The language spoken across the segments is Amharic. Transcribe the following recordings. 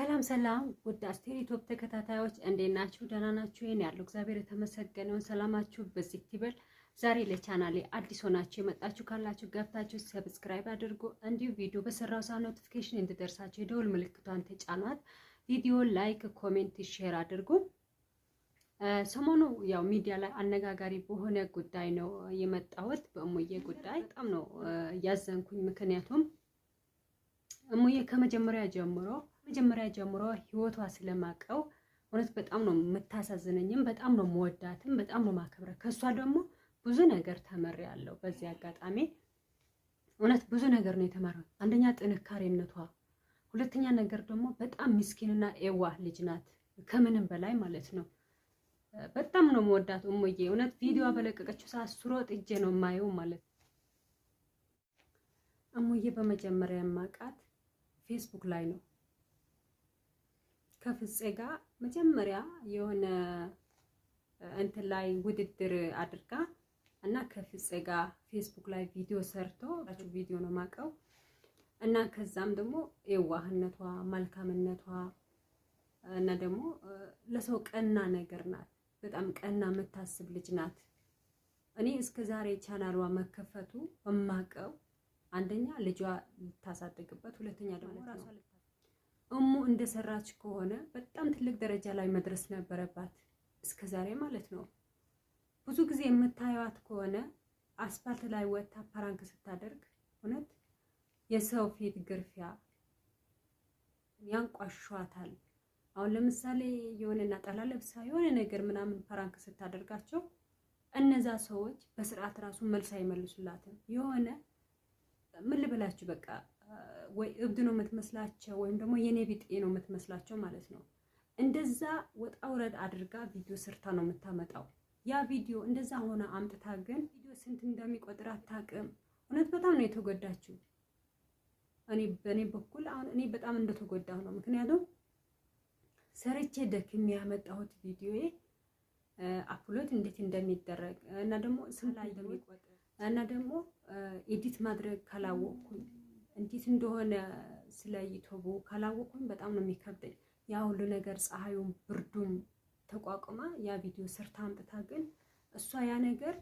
ሰላም ሰላም ውድ አስቴር ዩቲዩብ ተከታታዮች እንዴት ናችሁ? ደህና ናችሁ? ይሄን ያለው እግዚአብሔር የተመሰገነውን ሰላማችሁ በዚህ ይበል። ዛሬ ለቻናሌ አዲስ ሆናችሁ የመጣችሁ ካላችሁ ገብታችሁ ሰብስክራይብ አድርጉ። እንዲሁ ቪዲዮ በሰራው ሰዓት ኖቲፊኬሽን እንድደርሳችሁ የደውል ምልክቷን ተጫኗት። ቪዲዮ ላይክ፣ ኮሜንት፣ ሼር አድርጉ። ሰሞኑ ያው ሚዲያ ላይ አነጋጋሪ በሆነ ጉዳይ ነው የመጣሁት፣ በእሙዬ ጉዳይ በጣም ነው ያዘንኩኝ። ምክንያቱም እሙዬ ከመጀመሪያ ጀምሮ መጀመሪያ ጀምሮ ህይወቷ ስለማቀው እውነት በጣም ነው የምታሳዝነኝም፣ በጣም ነው መወዳትም፣ በጣም ነው ማከብረ ከእሷ ደግሞ ብዙ ነገር ያለው በዚህ አጋጣሚ እውነት ብዙ ነገር ነው የተመራ አንደኛ ጥንካሬነቷ፣ ሁለተኛ ነገር ደግሞ በጣም ምስኪንና ኤዋ ልጅ ናት፣ ከምንም በላይ ማለት ነው። በጣም ነው መወዳት እሙዬ። እውነት ቪዲዮ በለቀቀችው ሰዓት ስሮጥ እጄ ነው የማየው ማለት እሙዬ በመጀመሪያ የማውቃት ፌስቡክ ላይ ነው ከፍፄ ጋር መጀመሪያ የሆነ እንትን ላይ ውድድር አድርጋ እና ከፍፄ ጋር ፌስቡክ ላይ ቪዲዮ ሰርቶ ቪዲዮ ነው ማቀው እና ከዛም ደግሞ የዋህነቷ መልካምነቷ እና ደግሞ ለሰው ቀና ነገር ናት። በጣም ቀና የምታስብ ልጅ ናት። እኔ እስከ ዛሬ ቻናሏ መከፈቱ እማቀው አንደኛ ልጇ ልታሳድግበት፣ ሁለተኛ ደግሞ ራሷ እሙ እንደሰራች ከሆነ በጣም ትልቅ ደረጃ ላይ መድረስ ነበረባት፣ እስከዛሬ ማለት ነው። ብዙ ጊዜ የምታየዋት ከሆነ አስፋልት ላይ ወጥታ ፓራንክ ስታደርግ እውነት የሰው ፊት ግርፊያ ያንቋሸዋታል። አሁን ለምሳሌ የሆነ ነጠላ ለብሳ የሆነ ነገር ምናምን ፓራንክ ስታደርጋቸው እነዛ ሰዎች በስርዓት ራሱ መልስ አይመልሱላትም። የሆነ ምን ልበላችሁ በቃ ወይ እብድ ነው የምትመስላቸው ወይም ደግሞ የኔ ቢጤ ነው የምትመስላቸው ማለት ነው። እንደዛ ወጣ ውረድ አድርጋ ቪዲዮ ስርታ ነው የምታመጣው። ያ ቪዲዮ እንደዛ ሆነ አምጥታ ግን ቪዲዮ ስንት እንደሚቆጥር አታውቅም። እውነት በጣም ነው የተጎዳችው። እኔ በእኔ በኩል አሁን እኔ በጣም እንደተጎዳሁ ነው። ምክንያቱም ሰርቼ ደክሜ ያመጣሁት ቪዲዮ አፕሎድ እንዴት እንደሚደረግ እና ደግሞ ስም ላይ እና ደግሞ ኤዲት ማድረግ ካላወቅኩኝ እንዴት እንደሆነ ስለ ካላወቁኝ በጣም ነው የሚከብደኝ። ያ ሁሉ ነገር ፀሐዩም ብርዱም ተቋቁማ ያ ቪዲዮ ሰርታ አምጥታ ግን እሷ ያ ነገር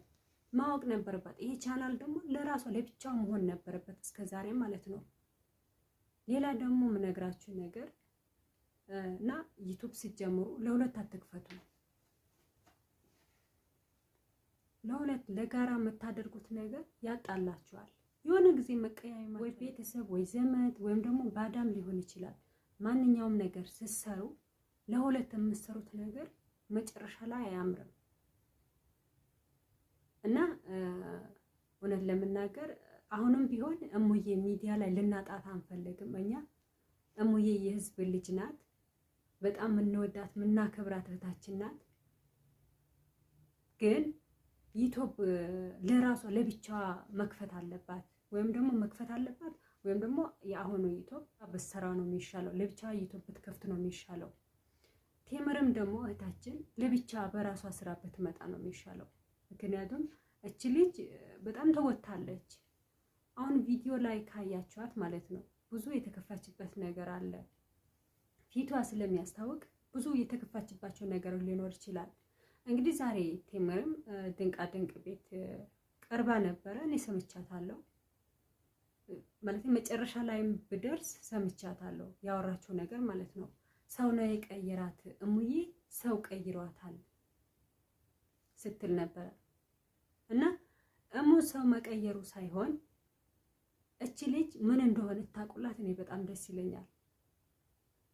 ማወቅ ነበረባት። ይሄ ቻናል ደግሞ ለራሷ ለብቻ መሆን ነበረበት እስከ ዛሬ ማለት ነው። ሌላ ደግሞ የምነግራችሁ ነገር እና ዩቱብ ሲጀምሩ ለሁለት አትክፈቱ። ለሁለት ለጋራ የምታደርጉት ነገር ያጣላችኋል። የሆነ ጊዜ መቀያየም ወይ ቤተሰብ ወይ ዘመድ ወይም ደግሞ ባዳም ሊሆን ይችላል። ማንኛውም ነገር ስትሰሩ ለሁለት የምትሰሩት ነገር መጨረሻ ላይ አያምርም እና እውነት ለመናገር አሁንም ቢሆን እሙዬ ሚዲያ ላይ ልናጣት አንፈልግም። እኛ እሙዬ የህዝብ ልጅ ናት። በጣም የምንወዳት የምናከብራት እህታችን ናት ግን ዩቱብ ለራሷ ለብቻዋ መክፈት አለባት ወይም ደግሞ መክፈት አለባት ወይም ደግሞ የአሁኑ ዩቱብ ብትሰራ ነው የሚሻለው። ለብቻ ዩቱብ ብትከፍት ነው የሚሻለው። ቴምርም ደግሞ እህታችን ለብቻ በራሷ ስራ ብትመጣ ነው የሚሻለው። ምክንያቱም እች ልጅ በጣም ተወታለች። አሁን ቪዲዮ ላይ ካያችኋት ማለት ነው ብዙ የተከፋችበት ነገር አለ። ፊቷ ስለሚያስታውቅ ብዙ የተከፋችባቸው ነገሮች ሊኖር ይችላል። እንግዲህ ዛሬ ቴምርም ድንቃድንቅ ቤት ቀርባ ነበረ። እኔ ሰምቻታለሁ ማለት መጨረሻ ላይም ብደርስ ሰምቻታለሁ። ያወራችው ነገር ማለት ነው ሰው ነው የቀየራት፣ እሙዬ ሰው ቀይሯታል ስትል ነበረ እና እሙ ሰው መቀየሩ ሳይሆን እች ልጅ ምን እንደሆነ ታውቁላት። እኔ በጣም ደስ ይለኛል።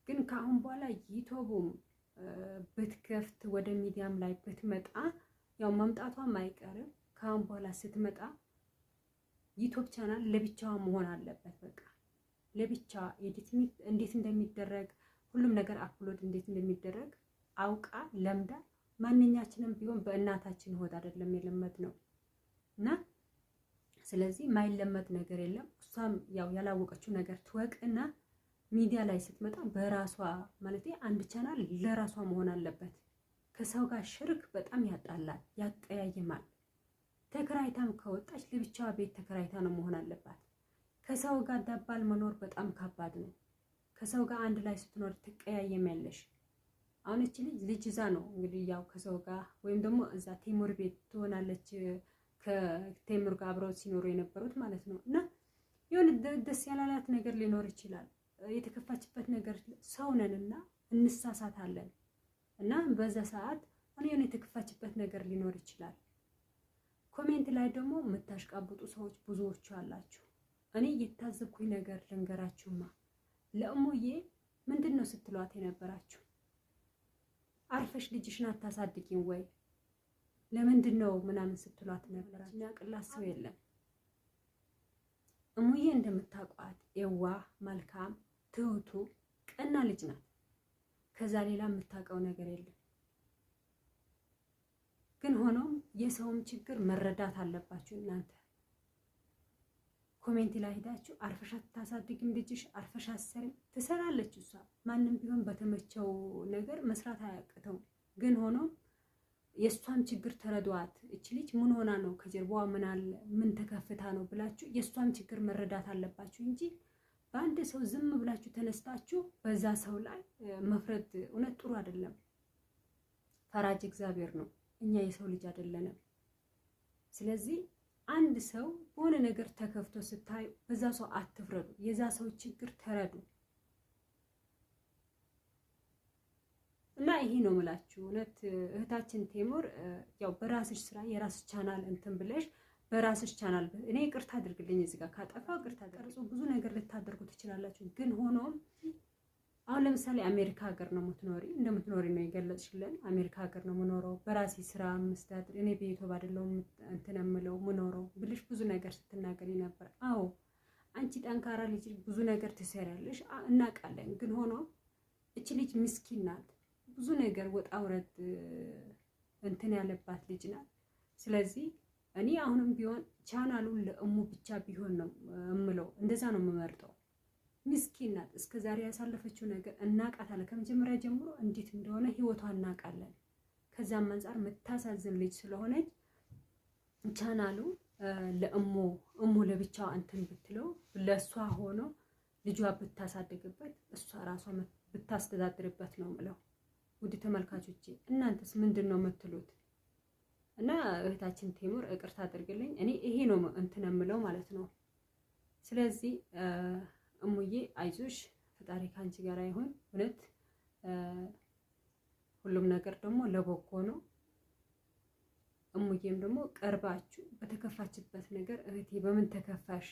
ግን ከአሁን በኋላ ይቶቡም ብትከፍት ወደ ሚዲያም ላይ ብትመጣ ያው መምጣቷም አይቀርም። ከአሁን በኋላ ስትመጣ ዩቱብ ቻናል ለብቻዋ መሆን አለበት። በቃ ለብቻ እንዴት እንደሚደረግ ሁሉም ነገር አፕሎድ እንዴት እንደሚደረግ አውቃ ለምዳ ማንኛችንም ቢሆን በእናታችን ሆድ አይደለም የለመድ ነው እና ስለዚህ ማይለመድ ነገር የለም። እሷም ያው ያላወቀችው ነገር እና ሚዲያ ላይ ስትመጣ በራሷ ማለት አንድ ቻናል ለራሷ መሆን አለበት። ከሰው ጋር ሽርክ በጣም ያጣላል፣ ያቀያይማል። ተከራይታም ከወጣች ለብቻዋ ቤት ተከራይታ ነው መሆን አለባት። ከሰው ጋር ዳባል መኖር በጣም ከባድ ነው። ከሰው ጋር አንድ ላይ ስትኖር ትቀያየሚያለሽ። አሁን እቺ ልጅ ልጅ ይዛ ነው እንግዲህ ያው ከሰው ጋር ወይም ደግሞ እዛ ቴምር ቤት ትሆናለች። ከቴምር ጋር አብረው ሲኖሩ የነበሩት ማለት ነው እና የሆነ ደስ ያላላት ነገር ሊኖር ይችላል። የተከፋችበት ነገር ሰውነንና እንሳሳታለን እና በዛ ሰዓት የሆነ የተከፋችበት ነገር ሊኖር ይችላል። ኮሜንት ላይ ደግሞ የምታሽቃብጡ ሰዎች ብዙዎቹ አላችሁ። እኔ የታዘብኩኝ ነገር ልንገራችሁማ። ለእሙዬ ምንድን ነው ስትሏት የነበራችሁ? አርፈሽ ልጅሽን አታሳድጊም ወይ? ለምንድን ነው ምናምን ስትሏት ነበራችሁ። ቅላት ሰው የለም እሙዬ እንደምታውቋት የዋህ መልካም ትሁቱ ቀና ልጅ ናት። ከዛ ሌላ የምታውቀው ነገር የለም። ግን ሆኖም የሰውም ችግር መረዳት አለባችሁ እናንተ። ኮሜንት ላይ ሄዳችሁ አርፈሻ ትታሳድግም ልጅሽ አርፈሻ አሰሪም ትሰራለች። እሷ ማንም ቢሆን በተመቸው ነገር መስራት አያቅተውም። ግን ሆኖም የእሷን ችግር ተረዷት። እች ልጅ ምን ሆና ነው ከጀርባዋ ምን አለ ምን ተከፍታ ነው ብላችሁ የእሷን ችግር መረዳት አለባችሁ እንጂ በአንድ ሰው ዝም ብላችሁ ተነስታችሁ በዛ ሰው ላይ መፍረድ እውነት ጥሩ አይደለም። ፈራጅ እግዚአብሔር ነው፣ እኛ የሰው ልጅ አይደለንም። ስለዚህ አንድ ሰው በሆነ ነገር ተከፍቶ ስታዩ በዛ ሰው አትፍረዱ፣ የዛ ሰው ችግር ተረዱ። እና ይሄ ነው የምላችሁ እውነት እህታችን ቴምር ያው በራስሽ ስራ የራስሽ ቻናል እንትን ብለሽ በራስሽ ቻናል እኔ ቅርታ አድርግልኝ እዚህ ጋር ካጠፋ ቅርታ ቀርጾ ብዙ ነገር ልታደርጉ ትችላላችሁ። ግን ሆኖም አሁን ለምሳሌ አሜሪካ ሀገር ነው የምትኖሪ እንደምትኖሪ ነው የገለጽሽልን። አሜሪካ ሀገር ነው የምኖረው በራሴ ስራ ምስተዳድር እኔ ቤቶ ባደለው እንትን የምለው ምኖረው ብልሽ ብዙ ነገር ስትናገሪ ነበር። አዎ አንቺ ጠንካራ ልጅ ብዙ ነገር ትሰሪያለሽ እናውቃለን። ግን ሆኖ እች ልጅ ምስኪን ናት። ብዙ ነገር ወጣ ውረድ እንትን ያለባት ልጅ ናት። ስለዚህ እኔ አሁንም ቢሆን ቻናሉን ለእሙ ብቻ ቢሆን ነው እምለው፣ እንደዛ ነው የምመርጠው። ምስኪን ናት። እስከ ዛሬ ያሳለፈችው ነገር እናቃታለን። ከመጀመሪያ ጀምሮ እንዴት እንደሆነ ህይወቷ እናቃለን። ከዛም አንጻር የምታሳዝን ልጅ ስለሆነች ቻናሉ ለእሞ እሞ ለብቻዋ እንትን ብትለው ለእሷ ሆኖ ልጇ ብታሳድግበት እሷ ራሷ ብታስተዳድርበት ነው ምለው። ውድ ተመልካቾቼ እናንተስ ምንድን ነው የምትሉት? እና እህታችን ቴሙር ይቅርታ አድርግልኝ። እኔ ይሄ ነው እንትን የምለው ማለት ነው። ስለዚህ እሙዬ አይዞሽ፣ ፈጣሪ ከአንቺ ጋር ይሁን። እውነት ሁሉም ነገር ደግሞ ለበጎ ነው። እሙዬም ደግሞ ቀርባችሁ በተከፋችበት ነገር እህቴ በምን ተከፋሽ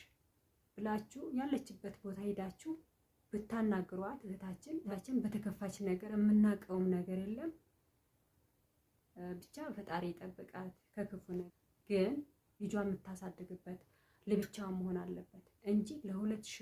ብላችሁ ያለችበት ቦታ ሄዳችሁ ብታናግሯት እህታችን እህታችን በተከፋች ነገር የምናውቀውም ነገር የለም። ብቻ ፈጣሪ ይጠብቃት ከክፉ ነገር። ግን ልጇ የምታሳድግበት ለብቻዋ መሆን አለበት እንጂ ለሁለት ሽር